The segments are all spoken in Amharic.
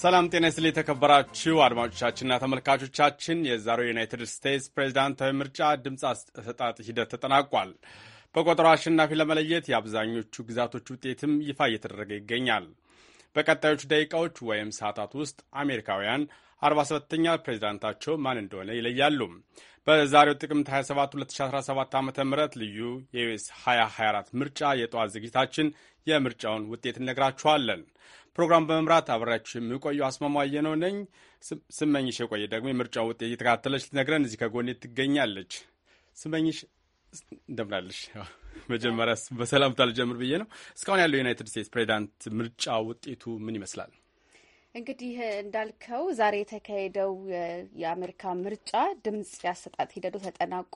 ሰላም ጤና ስል የተከበራችሁ አድማጮቻችንና ተመልካቾቻችን የዛሬው ዩናይትድ ስቴትስ ፕሬዚዳንታዊ ምርጫ ድምፅ አሰጣጥ ሂደት ተጠናቋል። በቆጠሮ አሸናፊ ለመለየት የአብዛኞቹ ግዛቶች ውጤትም ይፋ እየተደረገ ይገኛል። በቀጣዮቹ ደቂቃዎች ወይም ሰዓታት ውስጥ አሜሪካውያን 47ተኛ ፕሬዚዳንታቸው ማን እንደሆነ ይለያሉ። በዛሬው ጥቅምት 27 2017 ዓ ም ልዩ የዩኤስ 2024 ምርጫ የጠዋት ዝግጅታችን የምርጫውን ውጤት እነግራችኋለን። ፕሮግራም በመምራት አብራችሁ የሚቆዩ አስማማየ ነው ነኝ። ስመኝሽ የቆየ ደግሞ የምርጫ ውጤት እየተከታተለች ልትነግረን እዚህ ከጎኔ ትገኛለች። ስመኝሽ እንደምናለሽ። መጀመሪያ በሰላምታ ልጀምር ብዬ ነው። እስካሁን ያለው የዩናይትድ ስቴትስ ፕሬዚዳንት ምርጫ ውጤቱ ምን ይመስላል? እንግዲህ እንዳልከው ዛሬ የተካሄደው የአሜሪካ ምርጫ ድምጽ ያሰጣጥ ሂደቱ ተጠናቆ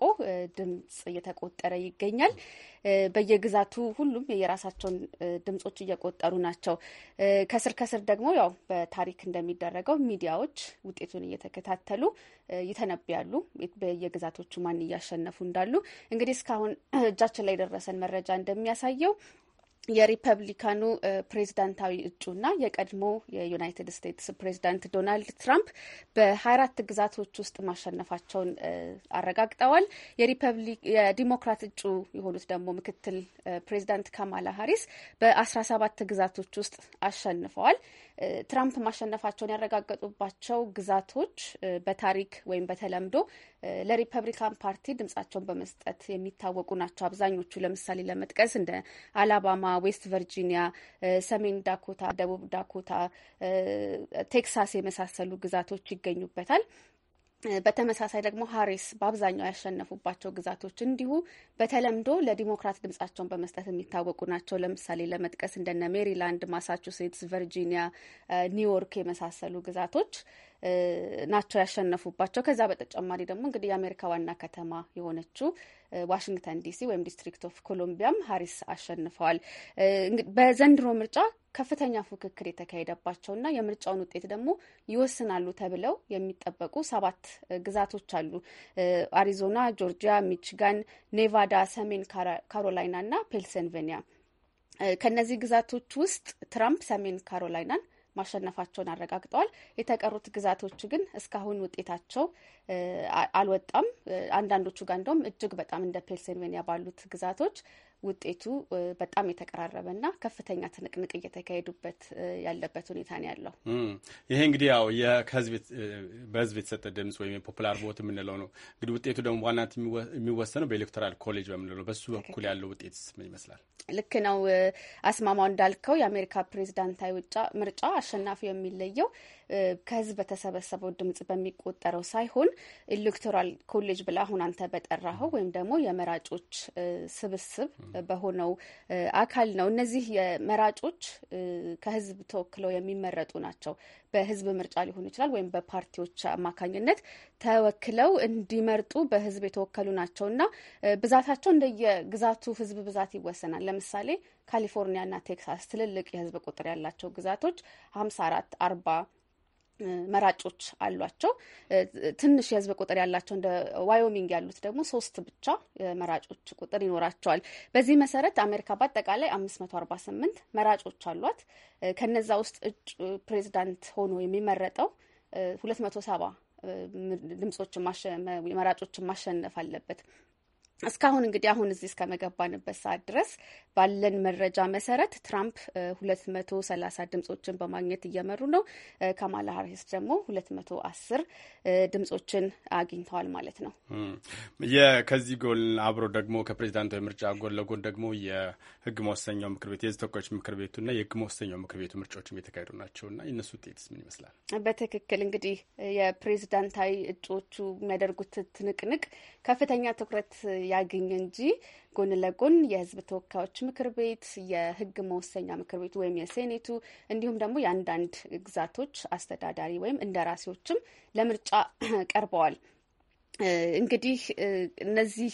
ድምጽ እየተቆጠረ ይገኛል። በየግዛቱ ሁሉም የራሳቸውን ድምጾች እየቆጠሩ ናቸው። ከስር ከስር ደግሞ ያው በታሪክ እንደሚደረገው ሚዲያዎች ውጤቱን እየተከታተሉ ይተነብያሉ፣ በየግዛቶቹ ማን እያሸነፉ እንዳሉ። እንግዲህ እስካሁን እጃችን ላይ የደረሰን መረጃ እንደሚያሳየው የሪፐብሊካኑ ፕሬዝዳንታዊ እጩና የቀድሞ የዩናይትድ ስቴትስ ፕሬዝዳንት ዶናልድ ትራምፕ በሀያ አራት ግዛቶች ውስጥ ማሸነፋቸውን አረጋግጠዋል። የዲሞክራት እጩ የሆኑት ደግሞ ምክትል ፕሬዝዳንት ካማላ ሀሪስ በአስራ ሰባት ግዛቶች ውስጥ አሸንፈዋል። ትራምፕ ማሸነፋቸውን ያረጋገጡባቸው ግዛቶች በታሪክ ወይም በተለምዶ ለሪፐብሊካን ፓርቲ ድምጻቸውን በመስጠት የሚታወቁ ናቸው። አብዛኞቹ ለምሳሌ ለመጥቀስ እንደ አላባማ፣ ዌስት ቨርጂኒያ፣ ሰሜን ዳኮታ፣ ደቡብ ዳኮታ፣ ቴክሳስ የመሳሰሉ ግዛቶች ይገኙበታል። በተመሳሳይ ደግሞ ሀሪስ በአብዛኛው ያሸነፉባቸው ግዛቶች እንዲሁ በተለምዶ ለዲሞክራት ድምጻቸውን በመስጠት የሚታወቁ ናቸው። ለምሳሌ ለመጥቀስ እንደነ ሜሪላንድ፣ ማሳቹሴትስ፣ ቨርጂኒያ፣ ኒውዮርክ የመሳሰሉ ግዛቶች ናቸው ያሸነፉባቸው። ከዛ በተጨማሪ ደግሞ እንግዲህ የአሜሪካ ዋና ከተማ የሆነችው ዋሽንግተን ዲሲ ወይም ዲስትሪክት ኦፍ ኮሎምቢያም ሀሪስ አሸንፈዋል። በዘንድሮ ምርጫ ከፍተኛ ፉክክር እና የምርጫውን ውጤት ደግሞ ይወስናሉ ተብለው የሚጠበቁ ሰባት ግዛቶች አሉ። አሪዞና፣ ጆርጂያ፣ ሚችጋን፣ ኔቫዳ፣ ሰሜን ካሮላይና እና ፔንስልቬኒያ። ከነዚህ ግዛቶች ውስጥ ትራምፕ ሰሜን ካሮላይናን ማሸነፋቸውን አረጋግጠዋል። የተቀሩት ግዛቶች ግን እስካሁን ውጤታቸው አልወጣም። አንዳንዶቹ ጋር እንደውም እጅግ በጣም እንደ ፔንስልቬኒያ ባሉት ግዛቶች ውጤቱ በጣም የተቀራረበ እና ከፍተኛ ትንቅንቅ እየተካሄዱበት ያለበት ሁኔታ ነው ያለው። ይሄ እንግዲህ ያው በህዝብ የተሰጠ ድምጽ ወይም የፖፕላር ቮት የምንለው ነው። እንግዲህ ውጤቱ ደግሞ ዋናት የሚወሰነው በኤሌክቶራል ኮሌጅ በምንለው በሱ በኩል ያለው ውጤት ምን ይመስላል? ልክ ነው አስማማው እንዳልከው የአሜሪካ ፕሬዚዳንታዊ ምርጫ አሸናፊ የሚለየው ከህዝብ በተሰበሰበው ድምጽ በሚቆጠረው ሳይሆን ኤሌክቶራል ኮሌጅ ብለ አሁን አንተ በጠራኸው ወይም ደግሞ የመራጮች ስብስብ በሆነው አካል ነው። እነዚህ የመራጮች ከህዝብ ተወክለው የሚመረጡ ናቸው። በህዝብ ምርጫ ሊሆን ይችላል ወይም በፓርቲዎች አማካኝነት ተወክለው እንዲመርጡ በህዝብ የተወከሉ ናቸው እና ብዛታቸው እንደየግዛቱ ህዝብ ብዛት ይወሰናል። ለምሳሌ ካሊፎርኒያና ቴክሳስ ትልልቅ የህዝብ ቁጥር ያላቸው ግዛቶች ሀምሳ አራት አርባ መራጮች አሏቸው። ትንሽ የህዝብ ቁጥር ያላቸው እንደ ዋዮሚንግ ያሉት ደግሞ ሶስት ብቻ መራጮች ቁጥር ይኖራቸዋል። በዚህ መሰረት አሜሪካ በአጠቃላይ አምስት መቶ አርባ ስምንት መራጮች አሏት። ከነዛ ውስጥ እጩ ፕሬዚዳንት ሆኖ የሚመረጠው ሁለት መቶ ሰባ ድምጾችን መራጮችን ማሸነፍ አለበት። እስካሁን እንግዲህ አሁን እዚህ እስከመገባንበት ሰዓት ድረስ ባለን መረጃ መሰረት ትራምፕ ሁለት መቶ ሰላሳ ድምጾችን በማግኘት እየመሩ ነው። ካማላ ሀሪስ ደግሞ ሁለት መቶ አስር ድምጾችን አግኝተዋል ማለት ነው። ከዚህ ጎን አብሮ ደግሞ ከፕሬዚዳንታዊ ምርጫ ጎን ለጎን ደግሞ የህግ መወሰኛው ምክር ቤት የህዝብ ተወካዮች ምክር ቤቱና የህግ መወሰኛው ምክር ቤቱ ምርጫዎችም የተካሄዱ ናቸውና የእነሱ ውጤትስ ምን ይመስላል? በትክክል እንግዲህ የፕሬዚዳንታዊ እጩዎቹ የሚያደርጉት ትንቅንቅ ከፍተኛ ትኩረት ያገኘ እንጂ ጎን ለጎን የህዝብ ተወካዮች ምክር ቤት፣ የህግ መወሰኛ ምክር ቤቱ ወይም የሴኔቱ እንዲሁም ደግሞ የአንዳንድ ግዛቶች አስተዳዳሪ ወይም እንደራሴዎችም ለምርጫ ቀርበዋል። እንግዲህ እነዚህ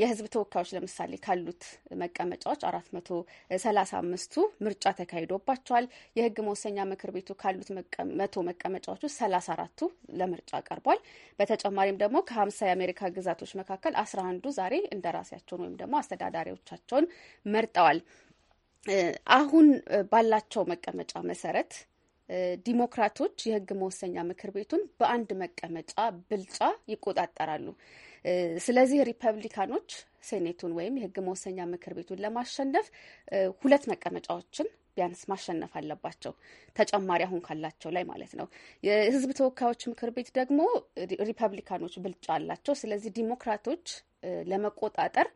የህዝብ ተወካዮች ለምሳሌ ካሉት መቀመጫዎች አራት መቶ ሰላሳ አምስቱ ምርጫ ተካሂዶባቸዋል። የህግ መወሰኛ ምክር ቤቱ ካሉት መቶ መቀመጫዎች ውስጥ ሰላሳ አራቱ ለምርጫ ቀርቧል። በተጨማሪም ደግሞ ከሀምሳ የአሜሪካ ግዛቶች መካከል አስራ አንዱ ዛሬ እንደራሴያቸውን ወይም ደግሞ አስተዳዳሪዎቻቸውን መርጠዋል። አሁን ባላቸው መቀመጫ መሰረት ዲሞክራቶች የህግ መወሰኛ ምክር ቤቱን በአንድ መቀመጫ ብልጫ ይቆጣጠራሉ። ስለዚህ ሪፐብሊካኖች ሴኔቱን ወይም የህግ መወሰኛ ምክር ቤቱን ለማሸነፍ ሁለት መቀመጫዎችን ቢያንስ ማሸነፍ አለባቸው፣ ተጨማሪ አሁን ካላቸው ላይ ማለት ነው። የህዝብ ተወካዮች ምክር ቤት ደግሞ ሪፐብሊካኖች ብልጫ አላቸው። ስለዚህ ዲሞክራቶች ለመቆጣጠር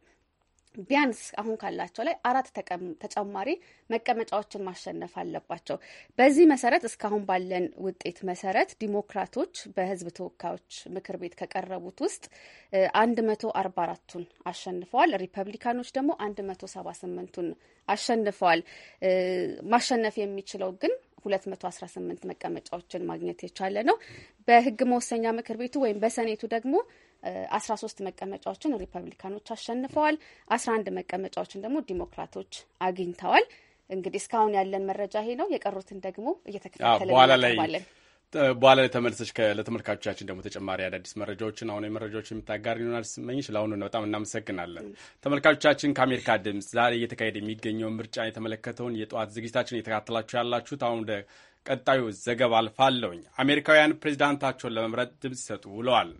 ቢያንስ አሁን ካላቸው ላይ አራት ተጨማሪ መቀመጫዎችን ማሸነፍ አለባቸው። በዚህ መሰረት እስካሁን ባለን ውጤት መሰረት ዲሞክራቶች በህዝብ ተወካዮች ምክር ቤት ከቀረቡት ውስጥ አንድ መቶ አርባ አራቱን አሸንፈዋል። ሪፐብሊካኖች ደግሞ አንድ መቶ ሰባ ስምንቱን አሸንፈዋል። ማሸነፍ የሚችለው ግን 218 መቀመጫዎችን ማግኘት የቻለ ነው። በህግ መወሰኛ ምክር ቤቱ ወይም በሰኔቱ ደግሞ አስራ ሶስት መቀመጫዎችን ሪፐብሊካኖች አሸንፈዋል። አስራ አንድ መቀመጫዎችን ደግሞ ዲሞክራቶች አግኝተዋል። እንግዲህ እስካሁን ያለን መረጃ ይሄ ነው። የቀሩትን ደግሞ እየተከታተለ በኋላ ላይ ተመልሰች ለተመልካቾቻችን ደግሞ ተጨማሪ አዳዲስ መረጃዎችን አሁን መረጃዎችን የምታጋር ሊሆናል ስመኝሽ ለአሁኑ በጣም እናመሰግናለን። ተመልካቾቻችን ከአሜሪካ ድምፅ ዛሬ እየተካሄደ የሚገኘው ምርጫ የተመለከተውን የጠዋት ዝግጅታችን እየተካተላችሁ ያላችሁት አሁን ቀጣዩ ዘገባ አልፋለሁኝ። አሜሪካውያን ፕሬዚዳንታቸውን ለመምረጥ ድምፅ ሲሰጡ ውለዋል።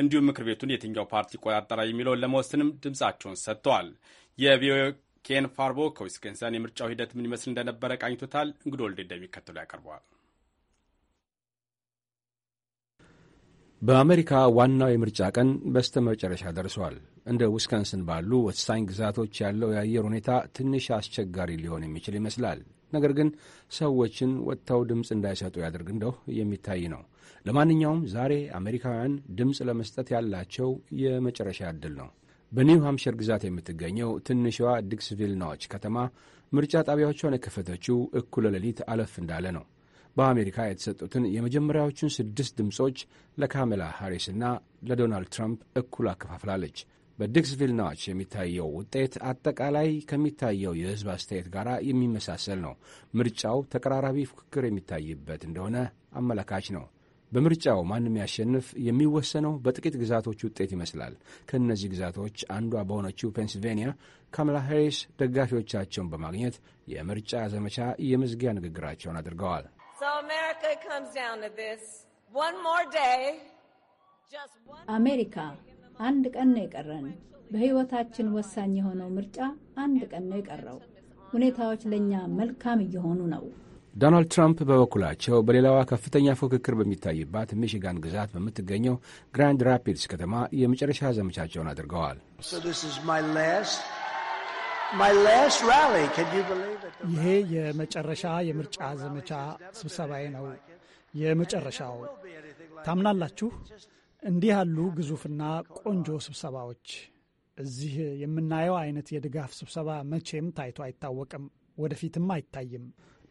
እንዲሁም ምክር ቤቱን የትኛው ፓርቲ ይቆጣጠራል የሚለውን ለመወሰንም ድምፃቸውን ሰጥተዋል። የቪኦኤ ኬን ፋርቦ ከዊስኮንሰን የምርጫው ሂደት ምን ይመስል እንደነበረ ቃኝቶታል። እንግዶ ወልዴ እንደሚከተሉ ያቀርበዋል። በአሜሪካ ዋናው የምርጫ ቀን በስተ መጨረሻ ደርሷል። እንደ ዊስካንስን ባሉ ወሳኝ ግዛቶች ያለው የአየር ሁኔታ ትንሽ አስቸጋሪ ሊሆን የሚችል ይመስላል። ነገር ግን ሰዎችን ወጥተው ድምፅ እንዳይሰጡ ያደርግ እንደው የሚታይ ነው። ለማንኛውም ዛሬ አሜሪካውያን ድምፅ ለመስጠት ያላቸው የመጨረሻ ዕድል ነው። በኒው ሃምሽር ግዛት የምትገኘው ትንሿ ዲክስቪል ናዎች ከተማ ምርጫ ጣቢያዎቿን የከፈተችው እኩለ ሌሊት አለፍ እንዳለ ነው። በአሜሪካ የተሰጡትን የመጀመሪያዎቹን ስድስት ድምፆች ለካሜላ ሃሪስና ለዶናልድ ትራምፕ እኩል አከፋፍላለች። በዲክስቪል ናች የሚታየው ውጤት አጠቃላይ ከሚታየው የህዝብ አስተያየት ጋር የሚመሳሰል ነው። ምርጫው ተቀራራቢ ፉክክር የሚታይበት እንደሆነ አመላካች ነው። በምርጫው ማንም ያሸንፍ የሚወሰነው በጥቂት ግዛቶች ውጤት ይመስላል። ከእነዚህ ግዛቶች አንዷ በሆነችው ፔንስልቬንያ ካማላ ሃሪስ ደጋፊዎቻቸውን በማግኘት የምርጫ ዘመቻ የመዝጊያ ንግግራቸውን አድርገዋል። አሜሪካ አንድ ቀን ነው የቀረን። በሕይወታችን ወሳኝ የሆነው ምርጫ አንድ ቀን ነው የቀረው። ሁኔታዎች ለእኛ መልካም እየሆኑ ነው። ዶናልድ ትራምፕ በበኩላቸው በሌላዋ ከፍተኛ ፉክክር በሚታይባት ሚሽጋን ግዛት በምትገኘው ግራንድ ራፒድስ ከተማ የመጨረሻ ዘመቻቸውን አድርገዋል። ይሄ የመጨረሻ የምርጫ ዘመቻ ስብሰባዬ ነው። የመጨረሻው ታምናላችሁ? እንዲህ ያሉ ግዙፍና ቆንጆ ስብሰባዎች እዚህ የምናየው አይነት የድጋፍ ስብሰባ መቼም ታይቶ አይታወቅም፣ ወደፊትም አይታይም።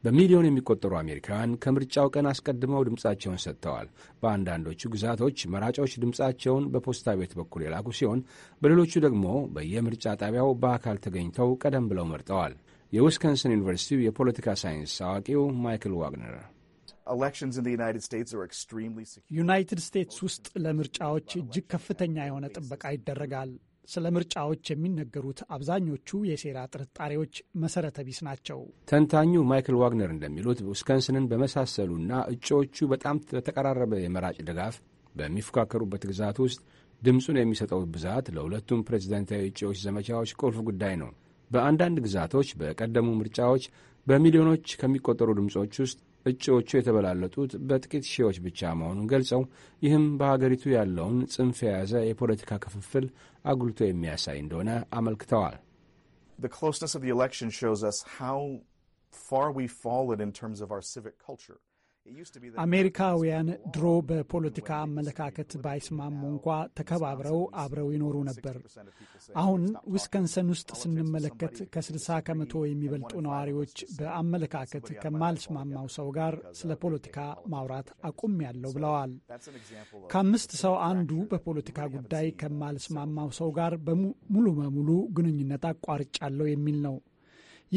በሚሊዮን የሚቆጠሩ አሜሪካውያን ከምርጫው ቀን አስቀድመው ድምፃቸውን ሰጥተዋል። በአንዳንዶቹ ግዛቶች መራጮች ድምፃቸውን በፖስታ ቤት በኩል የላኩ ሲሆን፣ በሌሎቹ ደግሞ በየምርጫ ጣቢያው በአካል ተገኝተው ቀደም ብለው መርጠዋል። የዊስኮንሰን ዩኒቨርሲቲው የፖለቲካ ሳይንስ አዋቂው ማይክል ዋግነር ዩናይትድ ስቴትስ ውስጥ ለምርጫዎች እጅግ ከፍተኛ የሆነ ጥበቃ ይደረጋል። ስለ ምርጫዎች የሚነገሩት አብዛኞቹ የሴራ ጥርጣሬዎች መሰረተ ቢስ ናቸው። ተንታኙ ማይክል ዋግነር እንደሚሉት ዊስከንስንን በመሳሰሉና እጩዎቹ በጣም በተቀራረበ የመራጭ ድጋፍ በሚፎካከሩበት ግዛት ውስጥ ድምፁን የሚሰጠው ብዛት ለሁለቱም ፕሬዚደንታዊ እጩዎች ዘመቻዎች ቁልፍ ጉዳይ ነው። በአንዳንድ ግዛቶች በቀደሙ ምርጫዎች በሚሊዮኖች ከሚቆጠሩ ድምፆች ውስጥ እጩዎቹ የተበላለጡት በጥቂት ሺዎች ብቻ መሆኑን ገልጸው ይህም በሀገሪቱ ያለውን ጽንፍ የያዘ የፖለቲካ ክፍፍል አጉልቶ የሚያሳይ እንደሆነ አመልክተዋል። The closeness of the election shows us how አሜሪካውያን ድሮ በፖለቲካ አመለካከት ባይስማሙ እንኳ ተከባብረው አብረው ይኖሩ ነበር። አሁን ዊስከንሰን ውስጥ ስንመለከት ከ60 ከመቶ የሚበልጡ ነዋሪዎች በአመለካከት ከማልስማማው ሰው ጋር ስለ ፖለቲካ ማውራት ያለው ብለዋል። ከአምስት ሰው አንዱ በፖለቲካ ጉዳይ ከማልስማማው ሰው ጋር ሙሉ በሙሉ ግንኙነት አቋርጫለሁ የሚል ነው።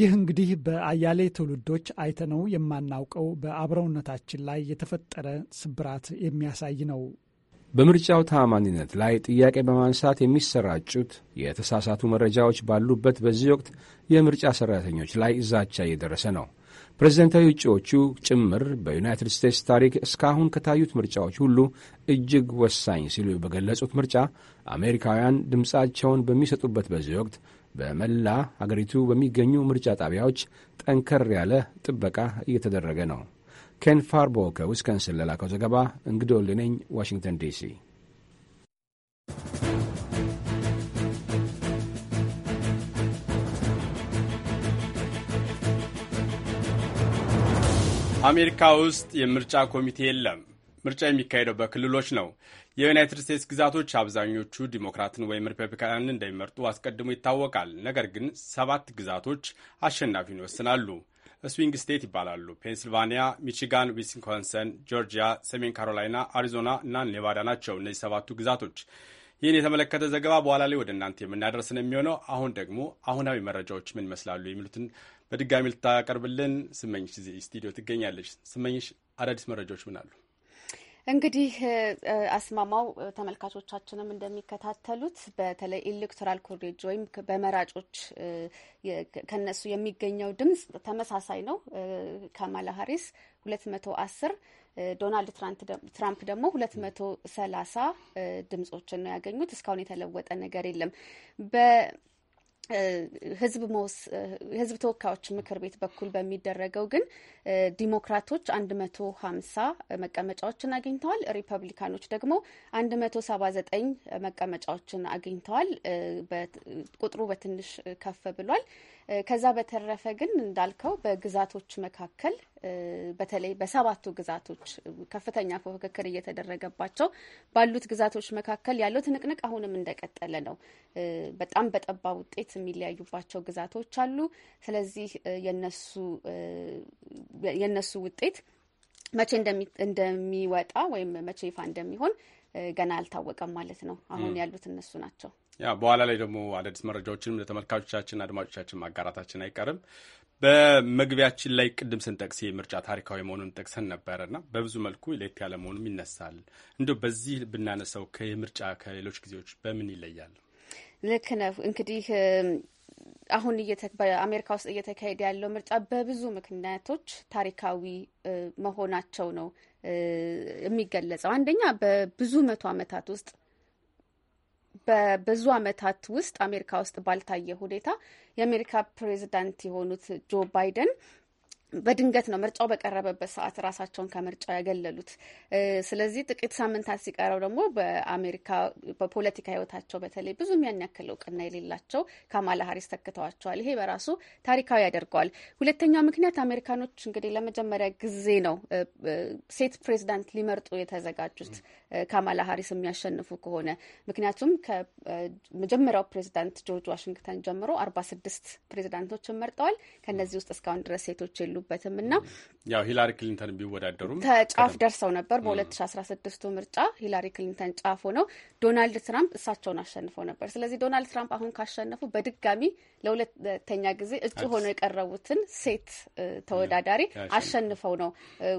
ይህ እንግዲህ በአያሌ ትውልዶች አይተነው የማናውቀው በአብረውነታችን ላይ የተፈጠረ ስብራት የሚያሳይ ነው። በምርጫው ተአማኒነት ላይ ጥያቄ በማንሳት የሚሰራጩት የተሳሳቱ መረጃዎች ባሉበት በዚህ ወቅት የምርጫ ሰራተኞች ላይ ዛቻ እየደረሰ ነው። ፕሬዝደንታዊ እጩዎቹ ጭምር በዩናይትድ ስቴትስ ታሪክ እስካሁን ከታዩት ምርጫዎች ሁሉ እጅግ ወሳኝ ሲሉ በገለጹት ምርጫ አሜሪካውያን ድምፃቸውን በሚሰጡበት በዚህ ወቅት በመላ አገሪቱ በሚገኙ ምርጫ ጣቢያዎች ጠንከር ያለ ጥበቃ እየተደረገ ነው። ኬን ፋርቦ ከዊስከንስን ለላከው ዘገባ እንግዶ ልነኝ ዋሽንግተን ዲሲ አሜሪካ ውስጥ የምርጫ ኮሚቴ የለም። ምርጫ የሚካሄደው በክልሎች ነው። የዩናይትድ ስቴትስ ግዛቶች አብዛኞቹ ዲሞክራትን ወይም ሪፐብሊካንን እንደሚመርጡ አስቀድሞ ይታወቃል። ነገር ግን ሰባት ግዛቶች አሸናፊን ይወስናሉ። ስዊንግ ስቴት ይባላሉ። ፔንስልቫኒያ፣ ሚቺጋን፣ ዊስኮንሰን፣ ጆርጂያ፣ ሰሜን ካሮላይና፣ አሪዞና እና ኔቫዳ ናቸው። እነዚህ ሰባቱ ግዛቶች ይህን የተመለከተ ዘገባ በኋላ ላይ ወደ እናንተ የምናደርስን የሚሆነው። አሁን ደግሞ አሁናዊ መረጃዎች ምን ይመስላሉ የሚሉትን በድጋሚ ልታቀርብልን ስመኝሽ እዚህ ስቱዲዮ ትገኛለች። ስመኝሽ፣ አዳዲስ መረጃዎች ምን አሉ? እንግዲህ አስማማው ተመልካቾቻችንም እንደሚከታተሉት በተለይ ኤሌክቶራል ኮሌጅ ወይም በመራጮች ከነሱ የሚገኘው ድምጽ ተመሳሳይ ነው። ካማላ ሀሪስ ሁለት መቶ አስር ዶናልድ ትራምፕ ደግሞ ሁለት መቶ ሰላሳ ድምጾችን ነው ያገኙት። እስካሁን የተለወጠ ነገር የለም። ህዝብ ተወካዮች ምክር ቤት በኩል በሚደረገው ግን ዲሞክራቶች አንድ መቶ ሀምሳ መቀመጫዎችን አግኝተዋል። ሪፐብሊካኖች ደግሞ አንድ መቶ ሰባ ዘጠኝ መቀመጫዎችን አግኝተዋል። ቁጥሩ በትንሽ ከፍ ብሏል። ከዛ በተረፈ ግን እንዳልከው በግዛቶች መካከል በተለይ በሰባቱ ግዛቶች ከፍተኛ ፉክክር እየተደረገባቸው ባሉት ግዛቶች መካከል ያለው ትንቅንቅ አሁንም እንደቀጠለ ነው። በጣም በጠባብ ውጤት የሚለያዩባቸው ግዛቶች አሉ። ስለዚህ የነሱ ውጤት መቼ እንደሚወጣ ወይም መቼ ይፋ እንደሚሆን ገና አልታወቀም ማለት ነው። አሁን ያሉት እነሱ ናቸው። ያ በኋላ ላይ ደግሞ አዳዲስ መረጃዎችንም ለተመልካቾቻችን አድማጮቻችን ማጋራታችን አይቀርም። በመግቢያችን ላይ ቅድም ስንጠቅስ ምርጫ ታሪካዊ መሆኑን ጠቅሰን እና በብዙ መልኩ ለየት ያለ መሆኑም ይነሳል። እንዲሁ በዚህ ብናነሳው ከምርጫ ከሌሎች ጊዜዎች በምን ይለያል? ልክ ነው እንግዲህ አሁን በአሜሪካ ውስጥ እየተካሄደ ያለው ምርጫ በብዙ ምክንያቶች ታሪካዊ መሆናቸው ነው የሚገለጸው። አንደኛ በብዙ መቶ ዓመታት ውስጥ በብዙ ዓመታት ውስጥ አሜሪካ ውስጥ ባልታየ ሁኔታ የአሜሪካ ፕሬዚዳንት የሆኑት ጆ ባይደን በድንገት ነው ምርጫው በቀረበበት ሰዓት ራሳቸውን ከምርጫው ያገለሉት። ስለዚህ ጥቂት ሳምንታት ሲቀረው ደግሞ በአሜሪካ በፖለቲካ ህይወታቸው በተለይ ብዙም ያን ያክል እውቅና የሌላቸው ካማላ ሀሪስ ተክተዋቸዋል። ይሄ በራሱ ታሪካዊ ያደርገዋል። ሁለተኛው ምክንያት አሜሪካኖች እንግዲህ ለመጀመሪያ ጊዜ ነው ሴት ፕሬዚዳንት ሊመርጡ የተዘጋጁት ካማላ ሀሪስ የሚያሸንፉ ከሆነ ምክንያቱም ከመጀመሪያው ፕሬዚዳንት ጆርጅ ዋሽንግተን ጀምሮ አርባ ስድስት ፕሬዚዳንቶችን መርጠዋል። ከነዚህ ውስጥ እስካሁን ድረስ ሴቶች የሉ አልሆኑበትም እና ያው ሂላሪ ክሊንተን ቢወዳደሩም ተጫፍ ደርሰው ነበር። በ2016ቱ ምርጫ ሂላሪ ክሊንተን ጫፍ ሆነው ዶናልድ ትራምፕ እሳቸውን አሸንፈው ነበር። ስለዚህ ዶናልድ ትራምፕ አሁን ካሸነፉ በድጋሚ ለሁለተኛ ጊዜ እጩ ሆነው የቀረቡትን ሴት ተወዳዳሪ አሸንፈው ነው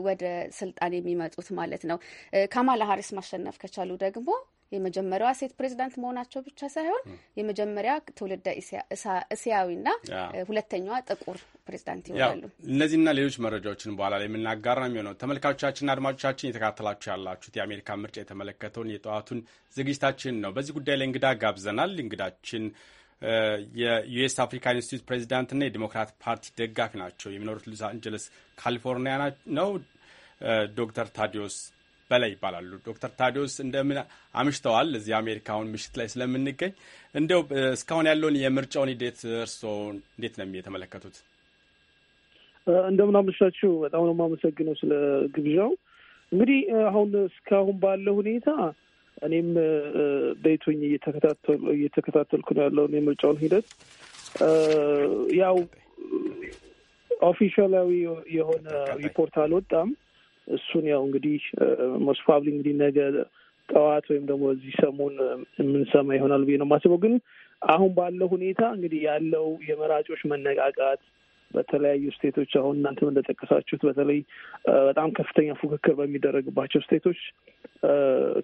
ወደ ስልጣን የሚመጡት ማለት ነው። ካማላ ሀሪስ ማሸነፍ ከቻሉ ደግሞ የመጀመሪያዋ ሴት ፕሬዚዳንት መሆናቸው ብቻ ሳይሆን የመጀመሪያ ትውልደ እስያዊና ሁለተኛዋ ጥቁር ፕሬዚዳንት ይሆናሉ። እነዚህና ሌሎች መረጃዎችን በኋላ ላይ የምናጋራ የሚሆነው ተመልካቾቻችንና አድማጮቻችን እየተካተላችሁ ያላችሁት የአሜሪካ ምርጫ የተመለከተውን የጠዋቱን ዝግጅታችን ነው። በዚህ ጉዳይ ላይ እንግዳ ጋብዘናል። እንግዳችን የዩኤስ አፍሪካ ኢንስቲትዩት ፕሬዚዳንትና የዲሞክራት ፓርቲ ደጋፊ ናቸው። የሚኖሩት ሎስ አንጀለስ ካሊፎርኒያ ነው። ዶክተር ታዲዮስ በላይ ይባላሉ። ዶክተር ታዲዮስ እንደምን አምሽተዋል። እዚህ አሜሪካውን ምሽት ላይ ስለምንገኝ እንዲያው እስካሁን ያለውን የምርጫውን ሂደት እርስዎ እንዴት ነው የተመለከቱት? እንደምን አመሻችሁ። በጣም ነው የማመሰግነው ስለ ግብዣው። እንግዲህ አሁን እስካሁን ባለ ሁኔታ እኔም በይቶኝ እየተከታተልኩ ነው ያለውን የምርጫውን ሂደት ያው ኦፊሻላዊ የሆነ ሪፖርት አልወጣም እሱን ያው እንግዲህ ሞስት ፕሮባብሊ እንግዲህ ነገ ጠዋት ወይም ደግሞ እዚህ ሰሞን የምንሰማ ይሆናል ብዬ ነው የማስበው። ግን አሁን ባለው ሁኔታ እንግዲህ ያለው የመራጮች መነቃቃት በተለያዩ ስቴቶች አሁን እናንተም እንደጠቀሳችሁት በተለይ በጣም ከፍተኛ ፉክክር በሚደረግባቸው ስቴቶች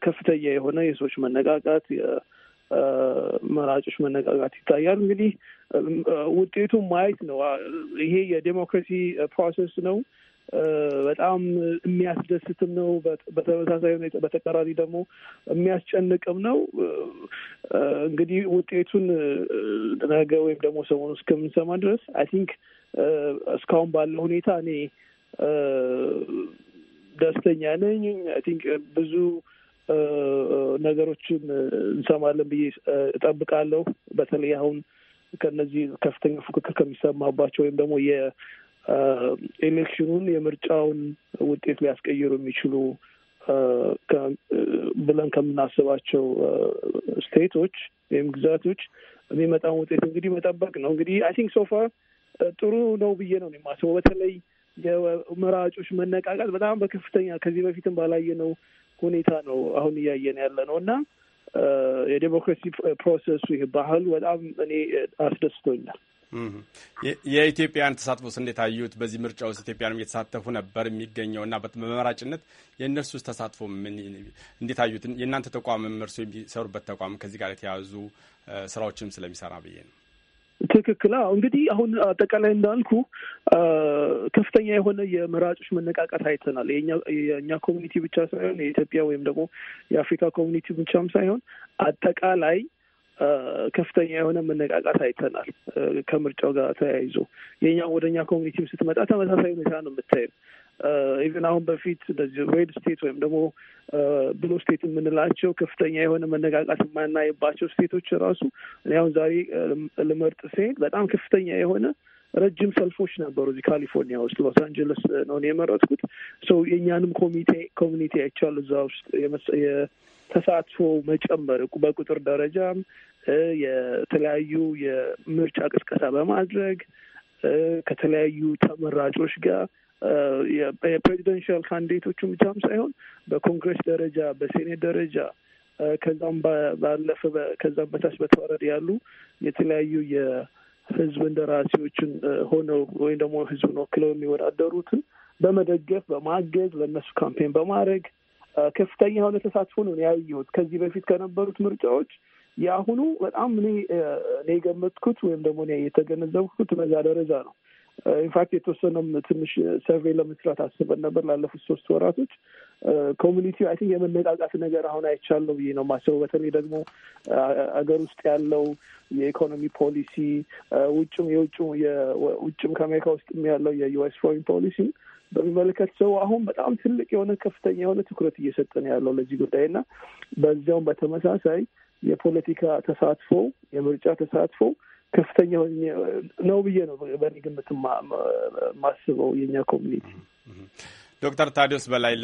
ከፍተኛ የሆነ የሰዎች መነቃቃት መራጮች መነቃቃት ይታያል። እንግዲህ ውጤቱን ማየት ነው። ይሄ የዴሞክራሲ ፕሮሰስ ነው። በጣም የሚያስደስትም ነው። በተመሳሳይ ሁኔታ በተቃራኒ ደግሞ የሚያስጨንቅም ነው። እንግዲህ ውጤቱን ነገ ወይም ደግሞ ሰሞኑ እስከምንሰማ ድረስ አይ ቲንክ እስካሁን ባለው ሁኔታ እኔ ደስተኛ ነኝ። አይ ቲንክ ብዙ ነገሮችን እንሰማለን ብዬ እጠብቃለሁ። በተለይ አሁን ከነዚህ ከፍተኛ ፉክክር ከሚሰማባቸው ወይም ደግሞ ኤሌክሽኑን የምርጫውን ውጤት ሊያስቀይሩ የሚችሉ ብለን ከምናስባቸው ስቴቶች ወይም ግዛቶች የሚመጣውን ውጤት እንግዲህ መጠበቅ ነው። እንግዲህ አይ ቲንክ ሶፋር ጥሩ ነው ብዬ ነው የማስበው። በተለይ የመራጮች መነቃቃት በጣም በከፍተኛ ከዚህ በፊትም ባላየነው ሁኔታ ነው አሁን እያየን ያለ ነው እና የዴሞክራሲ ፕሮሰሱ ይህ ባህል በጣም እኔ አስደስቶኛል። የኢትዮጵያውያን ተሳትፎስ እንዴት አዩት? በዚህ ምርጫ ውስጥ ኢትዮጵያውያንም እየተሳተፉ ነበር የሚገኘው እና በመራጭነት የእነርሱ ተሳትፎ ምን እንዴት አዩት? የእናንተ ተቋም እርሱ የሚሰሩበት ተቋም ከዚህ ጋር የተያያዙ ስራዎችም ስለሚሰራ ብዬ ነው። ትክክል። አዎ እንግዲህ አሁን አጠቃላይ እንዳልኩ ከፍተኛ የሆነ የመራጮች መነቃቃት አይተናል። የእኛ ኮሚኒቲ ብቻ ሳይሆን የኢትዮጵያ ወይም ደግሞ የአፍሪካ ኮሚኒቲ ብቻም ሳይሆን አጠቃላይ ከፍተኛ የሆነ መነቃቃት አይተናል። ከምርጫው ጋር ተያይዞ የኛ ወደ እኛ ኮሚኒቲም ስትመጣ ተመሳሳይ ሁኔታ ነው የምታየው። ኢቨን አሁን በፊት እንደዚህ ሬድ ስቴት ወይም ደግሞ ብሎ ስቴት የምንላቸው ከፍተኛ የሆነ መነቃቃት የማናይባቸው ስቴቶች ራሱ እኔ አሁን ዛሬ ልመርጥ ሲሄድ በጣም ከፍተኛ የሆነ ረጅም ሰልፎች ነበሩ። እዚህ ካሊፎርኒያ ውስጥ ሎስ አንጀለስ ነው የመረጥኩት። ሰው የእኛንም ኮሚቴ ኮሚኒቲ አይቻል እዛ ውስጥ ተሳትፎ መጨመር በቁጥር ደረጃም የተለያዩ የምርጫ ቅስቀሳ በማድረግ ከተለያዩ ተመራጮች ጋር የፕሬዚደንሽል ካንዲዴቶቹን ብቻም ሳይሆን በኮንግረስ ደረጃ፣ በሴኔት ደረጃ ከዛም ባለፈ ከዛም በታች በተወረድ ያሉ የተለያዩ የህዝብ እንደራሴዎችን ሆነው ወይም ደግሞ ህዝቡን ወክለው የሚወዳደሩትን በመደገፍ በማገዝ ለእነሱ ካምፔን በማድረግ ከፍተኛ የሆነ ተሳትፎ ነው ያየሁት። ከዚህ በፊት ከነበሩት ምርጫዎች የአሁኑ በጣም እኔ እኔ የገመጥኩት ወይም ደግሞ እኔ የተገነዘብኩት በዛ ደረጃ ነው። ኢንፋክት የተወሰነም ትንሽ ሰርቬይ ለመስራት አስበን ነበር ላለፉት ሶስት ወራቶች። ኮሚኒቲው አይ ቲንክ የመነቃቃት ነገር አሁን አይቻለው ብዬ ነው የማስበው። በተለይ ደግሞ አገር ውስጥ ያለው የኢኮኖሚ ፖሊሲ ውጭም የውጭ ውጭም ከአሜሪካ ውስጥም ያለው የዩኤስ ፎሪን ፖሊሲ በሚመለከት ሰው አሁን በጣም ትልቅ የሆነ ከፍተኛ የሆነ ትኩረት እየሰጠ ነው ያለው ለዚህ ጉዳይ እና በዚያውም በተመሳሳይ የፖለቲካ ተሳትፎ የምርጫ ተሳትፎ ከፍተኛ ነው ብዬ ነው በእኔ ግምት ማስበው የኛ ኮሚኒቲ ዶክተር ታዲዮስ በላይ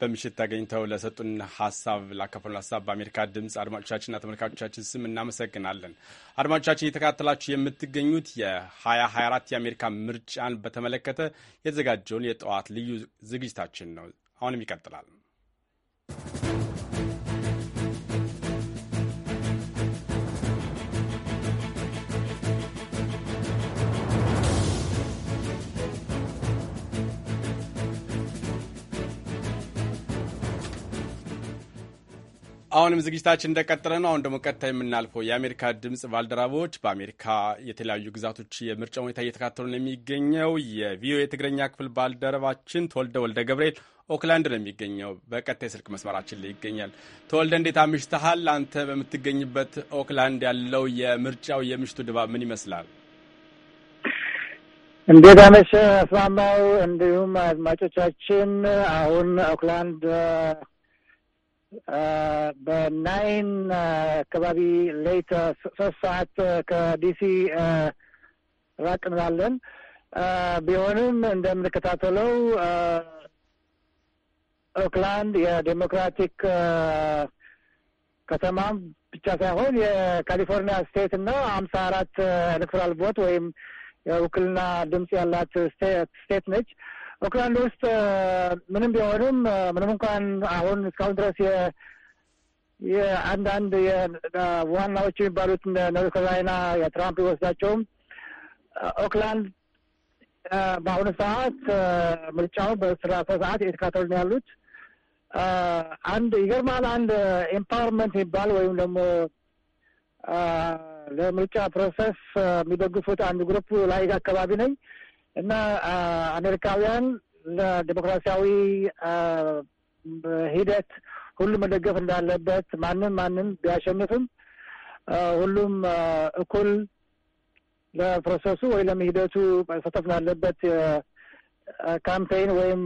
በምሽት ተገኝተው ለሰጡን ሀሳብ ላካፈሉ ሀሳብ በአሜሪካ ድምፅ አድማጮቻችንና ተመልካቾቻችን ስም እናመሰግናለን። አድማጮቻችን እየተከታተላችሁ የምትገኙት የ2024 የአሜሪካ ምርጫን በተመለከተ የተዘጋጀውን የጠዋት ልዩ ዝግጅታችን ነው። አሁንም ይቀጥላል። አሁንም ዝግጅታችን እንደቀጠለ ነው። አሁን ደግሞ ቀጥታ የምናልፈው የአሜሪካ ድምፅ ባልደረቦች በአሜሪካ የተለያዩ ግዛቶች የምርጫ ሁኔታ እየተካተሉ ነው የሚገኘው። የቪኦኤ የትግረኛ ክፍል ባልደረባችን ተወልደ ወልደ ገብርኤል ኦክላንድ ነው የሚገኘው። በቀጥታ የስልክ መስመራችን ላይ ይገኛል። ተወልደ እንዴት አምሽተሃል? አንተ በምትገኝበት ኦክላንድ ያለው የምርጫው የምሽቱ ድባብ ምን ይመስላል? እንዴት አመሸ አስማማው፣ እንዲሁም አድማጮቻችን። አሁን ኦክላንድ በናይን አካባቢ ሌት ሶስት ሰዓት ከዲሲ ራቅ እንላለን። ቢሆንም እንደምንከታተለው ኦክላንድ የዴሞክራቲክ ከተማም ብቻ ሳይሆን የካሊፎርኒያ ስቴት እና አምሳ አራት ኤሌክትራል ቦት ወይም የውክልና ድምፅ ያላት ስቴት ነች። ኦክላንድ ውስጥ ምንም ቢሆንም ምንም እንኳን አሁን እስካሁን ድረስ የአንዳንድ ዋናዎች የሚባሉት ኖርዝ ካሮላይና የትራምፕ ይወስዳቸውም ኦክላንድ በአሁኑ ሰዓት ምርጫውን በስራተ ሰዓት የተካተሉ ነው ያሉት። አንድ ይገርማል። አንድ ኤምፓወርመንት የሚባል ወይም ደግሞ ለምርጫ ፕሮሰስ የሚደግፉት አንድ ግሩፕ ላይ አካባቢ ነኝ እና አሜሪካውያን ለዲሞክራሲያዊ ሂደት ሁሉም መደገፍ እንዳለበት ማንም ማንም ቢያሸንፍም ሁሉም እኩል ለፕሮሰሱ ወይ ለሂደቱ መሳተፍ ላለበት ካምፔይን ወይም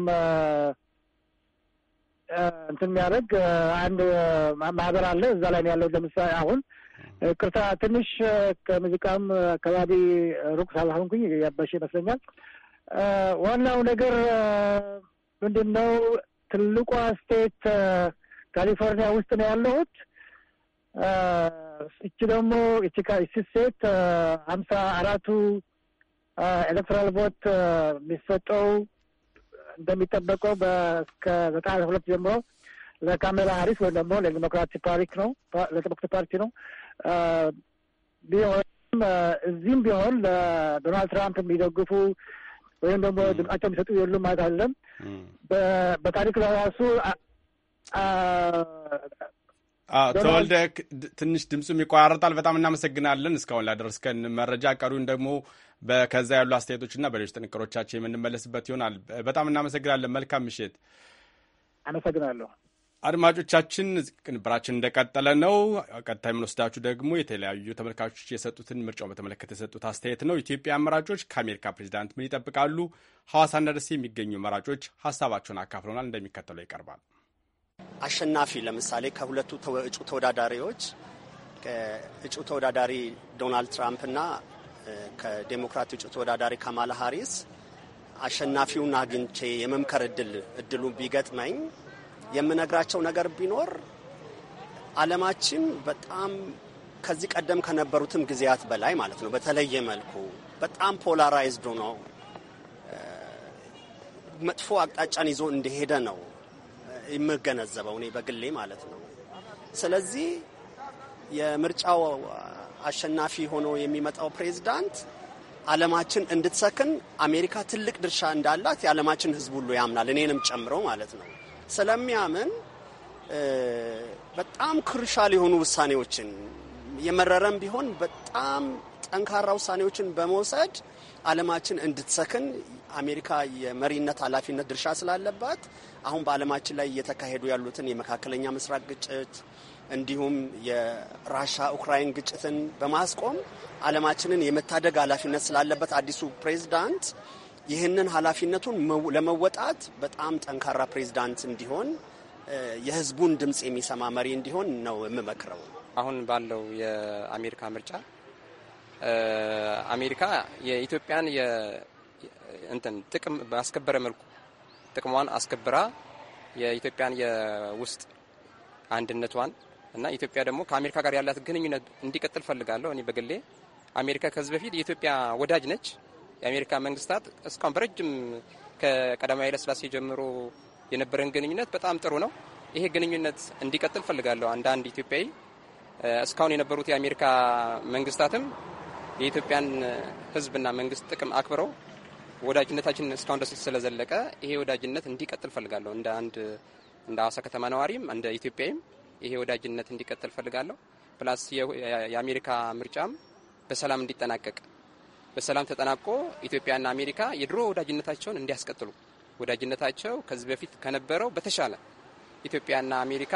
እንትን የሚያደርግ አንድ ማህበር አለ። እዛ ላይ ያለው ለምሳሌ አሁን ቅርታ ትንሽ ከሙዚቃም አካባቢ ሩቅ ሳልሆንኩኝ ያባሽ ይመስለኛል። ዋናው ነገር ምንድን ነው? ትልቋ ስቴት ካሊፎርኒያ ውስጥ ነው ያለሁት። እቺ ደግሞ እቺ ስቴት ሀምሳ አራቱ ኤሌክትራል ቦት የሚሰጠው እንደሚጠበቀው ከዘጠና ሁለት ጀምሮ ለካሜላ ሀሪስ ወይም ደግሞ ለዲሞክራቲ ፓርቲ ነው ለዲሞክራቲ ፓርቲ ነው ቢሆንም እዚህም ቢሆን ለዶናልድ ትራምፕ የሚደግፉ ወይም ደግሞ ድምጻቸው የሚሰጡ የሉ ማለት አለም። በታሪክ ለራሱ ተወልደ ትንሽ ድምፁም ይቆራረጣል። በጣም እናመሰግናለን እስካሁን ላደረስከን መረጃ። ቀሪውን ደግሞ ከዛ ያሉ አስተያየቶችና በሌሎች ጥንቅሮቻችን የምንመለስበት ይሆናል። በጣም እናመሰግናለን። መልካም ምሽት። አመሰግናለሁ። አድማጮቻችን ቅንብራችን እንደቀጠለ ነው። ቀጥታ የምንወስዳችሁ ደግሞ የተለያዩ ተመልካቾች የሰጡትን ምርጫውን በተመለከተ የሰጡት አስተያየት ነው። ኢትዮጵያ መራጮች ከአሜሪካ ፕሬዚዳንት ምን ይጠብቃሉ? ሐዋሳና ደሴ የሚገኙ መራጮች ሀሳባቸውን አካፍለናል። እንደሚከተለው ይቀርባል። አሸናፊ ለምሳሌ ከሁለቱ እጩ ተወዳዳሪዎች ከእጩ ተወዳዳሪ ዶናልድ ትራምፕና ከዴሞክራት እጩ ተወዳዳሪ ካማላ ሀሪስ አሸናፊውን አግኝቼ የመምከር እድል እድሉ ቢገጥመኝ የምነግራቸው ነገር ቢኖር አለማችን በጣም ከዚህ ቀደም ከነበሩትም ጊዜያት በላይ ማለት ነው በተለየ መልኩ በጣም ፖላራይዝድ ነው። መጥፎ አቅጣጫን ይዞ እንደሄደ ነው የምገነዘበው እኔ በግሌ ማለት ነው። ስለዚህ የምርጫው አሸናፊ ሆኖ የሚመጣው ፕሬዝዳንት አለማችን እንድትሰክን አሜሪካ ትልቅ ድርሻ እንዳላት የዓለማችን ሕዝብ ሁሉ ያምናል፣ እኔንም ጨምሮ ማለት ነው። ስለሚያምን በጣም ክሩሻል የሆኑ ውሳኔዎችን የመረረም ቢሆን በጣም ጠንካራ ውሳኔዎችን በመውሰድ ዓለማችን እንድትሰክን አሜሪካ የመሪነት ኃላፊነት ድርሻ ስላለባት አሁን በዓለማችን ላይ እየተካሄዱ ያሉትን የመካከለኛ ምስራቅ ግጭት እንዲሁም የራሻ ኡክራይን ግጭትን በማስቆም ዓለማችንን የመታደግ ኃላፊነት ስላለበት አዲሱ ፕሬዚዳንት ይህንን ኃላፊነቱን ለመወጣት በጣም ጠንካራ ፕሬዚዳንት እንዲሆን የህዝቡን ድምፅ የሚሰማ መሪ እንዲሆን ነው የምመክረው። አሁን ባለው የአሜሪካ ምርጫ አሜሪካ የኢትዮጵያን እንትን ጥቅም ባስከበረ መልኩ ጥቅሟን አስከብራ የኢትዮጵያን የውስጥ አንድነቷን እና ኢትዮጵያ ደግሞ ከአሜሪካ ጋር ያላት ግንኙነት እንዲቀጥል ፈልጋለሁ። እኔ በግሌ አሜሪካ ከዚህ በፊት የኢትዮጵያ ወዳጅ ነች። የአሜሪካ መንግስታት እስካሁን በረጅም ከቀዳማዊ ስላሴ ጀምሮ የነበረን ግንኙነት በጣም ጥሩ ነው። ይሄ ግንኙነት እንዲቀጥል ፈልጋለሁ። አንዳንድ ኢትዮጵያዊ እስካሁን የነበሩት የአሜሪካ መንግስታትም የኢትዮጵያን ህዝብና መንግስት ጥቅም አክብረው ወዳጅነታችን እስካሁን ደስ ስለዘለቀ ይሄ ወዳጅነት እንዲቀጥል ፈልጋለሁ። እንደ አንድ እንደ ሀዋሳ ከተማ ነዋሪም እንደ ኢትዮጵያዊም ይሄ ወዳጅነት እንዲቀጥል ፈልጋለሁ። ፕላስ የአሜሪካ ምርጫም በሰላም እንዲጠናቀቅ በሰላም ተጠናቆ ኢትዮጵያና አሜሪካ የድሮ ወዳጅነታቸውን እንዲያስቀጥሉ ወዳጅነታቸው ከዚህ በፊት ከነበረው በተሻለ ኢትዮጵያና አሜሪካ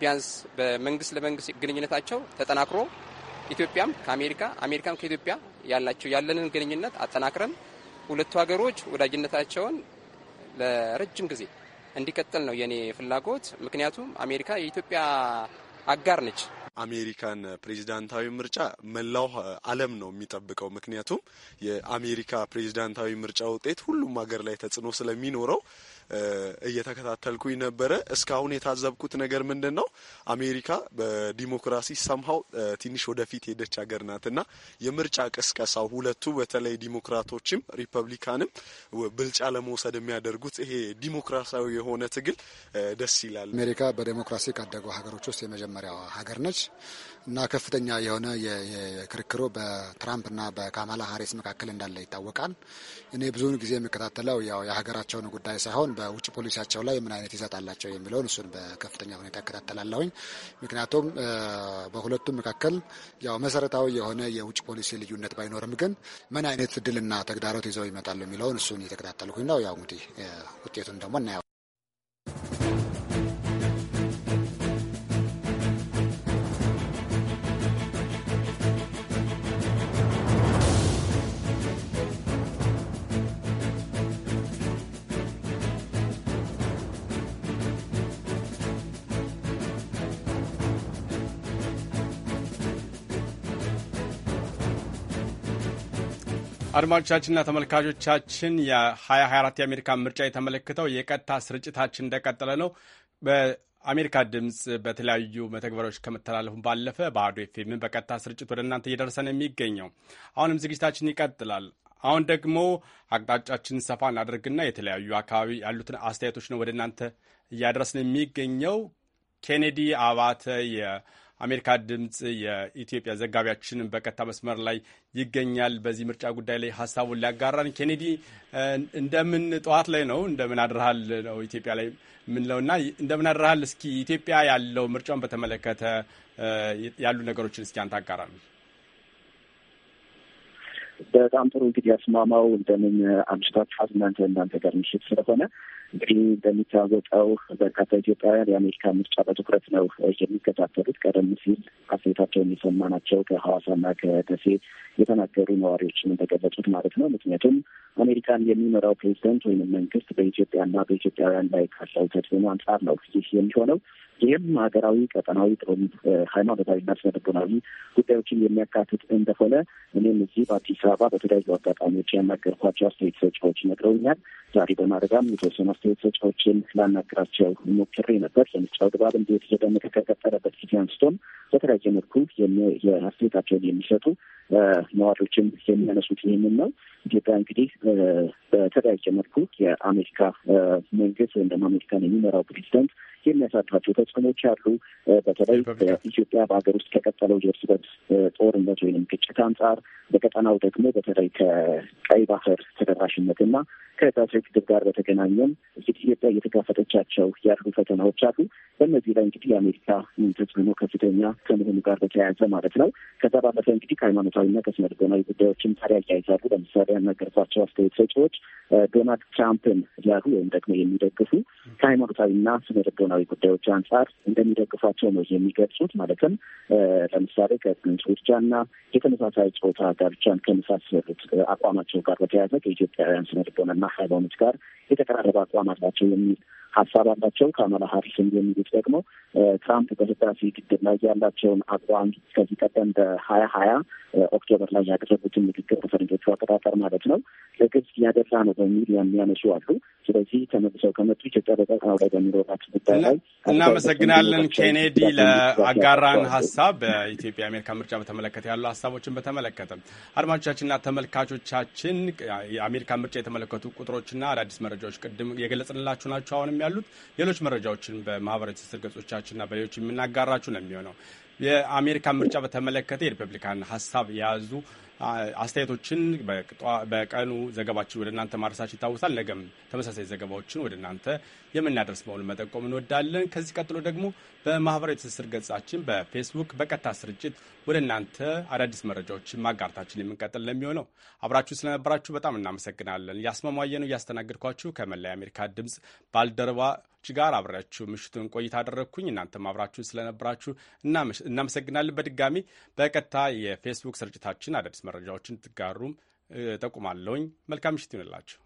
ቢያንስ በመንግስት ለመንግስት ግንኙነታቸው ተጠናክሮ ኢትዮጵያም ከአሜሪካ አሜሪካም ከኢትዮጵያ ያላቸው ያለንን ግንኙነት አጠናክረን ሁለቱ ሀገሮች ወዳጅነታቸውን ለረጅም ጊዜ እንዲቀጥል ነው የኔ ፍላጎት። ምክንያቱም አሜሪካ የኢትዮጵያ አጋር ነች። አሜሪካን ፕሬዚዳንታዊ ምርጫ መላው ዓለም ነው የሚጠብቀው። ምክንያቱም የአሜሪካ ፕሬዚዳንታዊ ምርጫ ውጤት ሁሉም ሀገር ላይ ተጽዕኖ ስለሚኖረው እየተከታተልኩኝ ነበረ። እስካሁን የታዘብኩት ነገር ምንድን ነው? አሜሪካ በዲሞክራሲ ሰምሀው ትንሽ ወደፊት ሄደች ሀገር ናትና የምርጫ ቅስቀሳው ሁለቱ በተለይ ዲሞክራቶችም ሪፐብሊካንም ብልጫ ለመውሰድ የሚያደርጉት ይሄ ዲሞክራሲያዊ የሆነ ትግል ደስ ይላል። አሜሪካ በዲሞክራሲ ካደጉ ሀገሮች ውስጥ የመጀመሪያው ሀገር ነች እና ከፍተኛ የሆነ የክርክሮ በትራምፕና በካማላ ሀሪስ መካከል እንዳለ ይታወቃል። እኔ ብዙውን ጊዜ የምከታተለው ያው የሀገራቸውን ጉዳይ ሳይሆን በውጭ ፖሊሲያቸው ላይ ምን አይነት ይዘት አላቸው የሚለውን እሱን በከፍተኛ ሁኔታ እከታተላለሁኝ። ምክንያቱም በሁለቱም መካከል ያው መሰረታዊ የሆነ የውጭ ፖሊሲ ልዩነት ባይኖርም ግን ምን አይነት እድልና ተግዳሮት ይዘው ይመጣሉ የሚለውን እሱን እየተከታተልኩኝ ነው። ያው እንግዲህ ውጤቱን ደግሞ እናየው። አድማጮቻችንና ተመልካቾቻችን የ2024 የአሜሪካ ምርጫ የተመለከተው የቀጥታ ስርጭታችን እንደቀጠለ ነው። በአሜሪካ ድምፅ በተለያዩ መተግበሪያዎች ከመተላለፉን ባለፈ በአዶ ኤፍኤምን በቀጥታ ስርጭት ወደ እናንተ እየደረሰ ነው የሚገኘው። አሁንም ዝግጅታችን ይቀጥላል። አሁን ደግሞ አቅጣጫችን ሰፋ እናደርግና የተለያዩ አካባቢ ያሉትን አስተያየቶች ነው ወደ እናንተ እያደረስን የሚገኘው። ኬኔዲ አባተ አሜሪካ ድምፅ የኢትዮጵያ ዘጋቢያችን በቀጥታ መስመር ላይ ይገኛል። በዚህ ምርጫ ጉዳይ ላይ ሀሳቡን ሊያጋራን። ኬኔዲ እንደምን ጠዋት ላይ ነው እንደምን አድርሃል ነው ኢትዮጵያ ላይ የምንለውና እንደምን አድርሃል። እስኪ ኢትዮጵያ ያለው ምርጫውን በተመለከተ ያሉ ነገሮችን እስኪ አንተ አጋራን። በጣም ጥሩ እንግዲህ አስማማው እንደምን አምሽታችኋል? እናንተ እናንተ ጋር ምሽት ስለሆነ እንግዲህ እንደሚታወቀው በርካታ ኢትዮጵያውያን የአሜሪካ ምርጫ በትኩረት ነው የሚከታተሉት። ቀደም ሲል አስተያየታቸውን የሰማናቸው ከሐዋሳና ከደሴ የተናገሩ ነዋሪዎችን እንደገለጹት ማለት ነው። ምክንያቱም አሜሪካን የሚመራው ፕሬዚደንት ወይም መንግስት በኢትዮጵያና በኢትዮጵያውያን ላይ ካለው ተጽዕኖ አንጻር ነው ይህ የሚሆነው። ይህም ሀገራዊ፣ ቀጠናዊ፣ ጥሩም ሃይማኖታዊና ስነ ልቦናዊ ጉዳዮችን የሚያካትት እንደሆነ እኔም እዚህ በአዲስ አበባ በተለያዩ አጋጣሚዎች ያናገርኳቸው አስተያየት ሰጫዎች ነግረውኛል። ዛሬ በማድረጋም የተወሰኑ አስተያየት ሰጫዎችን ላናገራቸው ሞክሬ ነበር። የምርጫው ድባብ እንዴት እየደመቀ ከቀጠለበት ጊዜ አንስቶም በተለያየ መልኩ የአስተያየታቸውን የሚሰጡ ነዋሪዎችም የሚያነሱት ይህንን ነው። ኢትዮጵያ እንግዲህ በተለያየ መልኩ የአሜሪካ መንግስት ወይም ደግሞ አሜሪካን የሚመራው ፕሬዚደንት የሚያሳድራቸው ተጽዕኖች አሉ። በተለይ በኢትዮጵያ በሀገር ውስጥ ከቀጠለው የእርስ በርስ ጦርነት ወይም ግጭት አንጻር፣ በቀጠናው ደግሞ በተለይ ከቀይ ባህር ተደራሽነት ተደራሽነትና ከህዳሴ ግድብ ጋር በተገናኘም እንግዲህ ኢትዮጵያ እየተጋፈጠቻቸው ያሉ ፈተናዎች አሉ። በእነዚህ ላይ እንግዲህ የአሜሪካ ተጽዕኖ ከፍተኛ ከመሆኑ ጋር በተያያዘ ማለት ነው። ከዛ ባለፈ እንግዲህ ከሃይማኖታዊና ከስነልቦናዊ ጉዳዮችም ታዲያ ያይዛሉ። ለምሳሌ ያናገርኳቸው አስተያየት ሰጪዎች ዶናልድ ትራምፕን ያሉ ወይም ደግሞ የሚደግፉ ከሃይማኖታዊና ስነልቦናዊ ጉዳዮች አንጻር አንጻር እንደሚደግፏቸው ነው የሚገልጹት። ማለትም ለምሳሌ ከጽንስ ውርጃና የተመሳሳይ ጾታ ጋብቻን ከመሳሰሉት አቋማቸው ጋር በተያያዘ ከኢትዮጵያውያን ስነልቦናና ሃይማኖት ጋር የተቀራረበ አቋም አላቸው የሚል ሀሳብ አላቸው። ካማላ ሀሪስ የሚሉት ደግሞ ትራምፕ በህዳሴ ግድብ ላይ ያላቸውን አቋም ከዚህ ቀደም በሀያ ሀያ ኦክቶበር ላይ ያደረጉትን ንግግር በፈረንጆቹ አቆጣጠር ማለት ነው ለግብጽ ያደላ ነው በሚል የሚያነሱ አሉ። ስለዚህ ተመልሰው ከመጡ ኢትዮጵያ በቀጠናው ላይ በሚኖራት ጉዳይ ላይ እናመሰግናለን። ኬኔዲ ለአጋራን ሀሳብ በኢትዮጵያ የአሜሪካ ምርጫ በተመለከተ ያሉ ሀሳቦችን በተመለከተ አድማጮቻችንና ተመልካቾቻችን የአሜሪካ ምርጫ የተመለከቱ ቁጥሮችና አዳዲስ መረጃዎች ቅድም የገለጽንላችሁ ናቸው አሁንም አይደለም ያሉት። ሌሎች መረጃዎችን በማህበራዊ ትስስር ገጾቻችንና በሌሎች የምናጋራችሁ ነው የሚሆነው። የአሜሪካ ምርጫ በተመለከተ የሪፐብሊካን ሀሳብ የያዙ አስተያየቶችን በቀኑ ዘገባችን ወደ እናንተ ማድረሳችን ይታወሳል። ነገም ተመሳሳይ ዘገባዎችን ወደ እናንተ የምናደርስ መሆኑን መጠቆም እንወዳለን። ከዚህ ቀጥሎ ደግሞ በማህበራዊ ትስስር ገጻችን በፌስቡክ በቀጥታ ስርጭት ወደ እናንተ አዳዲስ መረጃዎችን ማጋርታችን የምንቀጥል ለሚሆነው አብራችሁ ስለነበራችሁ በጣም እናመሰግናለን። ያስማማየ ነው እያስተናገድኳችሁ ከመላ አሜሪካ ድምፅ ባልደረባ ጋር አብሬያችሁ ምሽቱን ቆይታ አደረግኩኝ። እናንተም አብራችሁ ስለነበራችሁ እናመሰግናለን። በድጋሚ በቀጥታ የፌስቡክ ስርጭታችን አዳዲስ መረጃዎችን ትጋሩም ጠቁማለውኝ። መልካም ምሽት ይሆንላችሁ።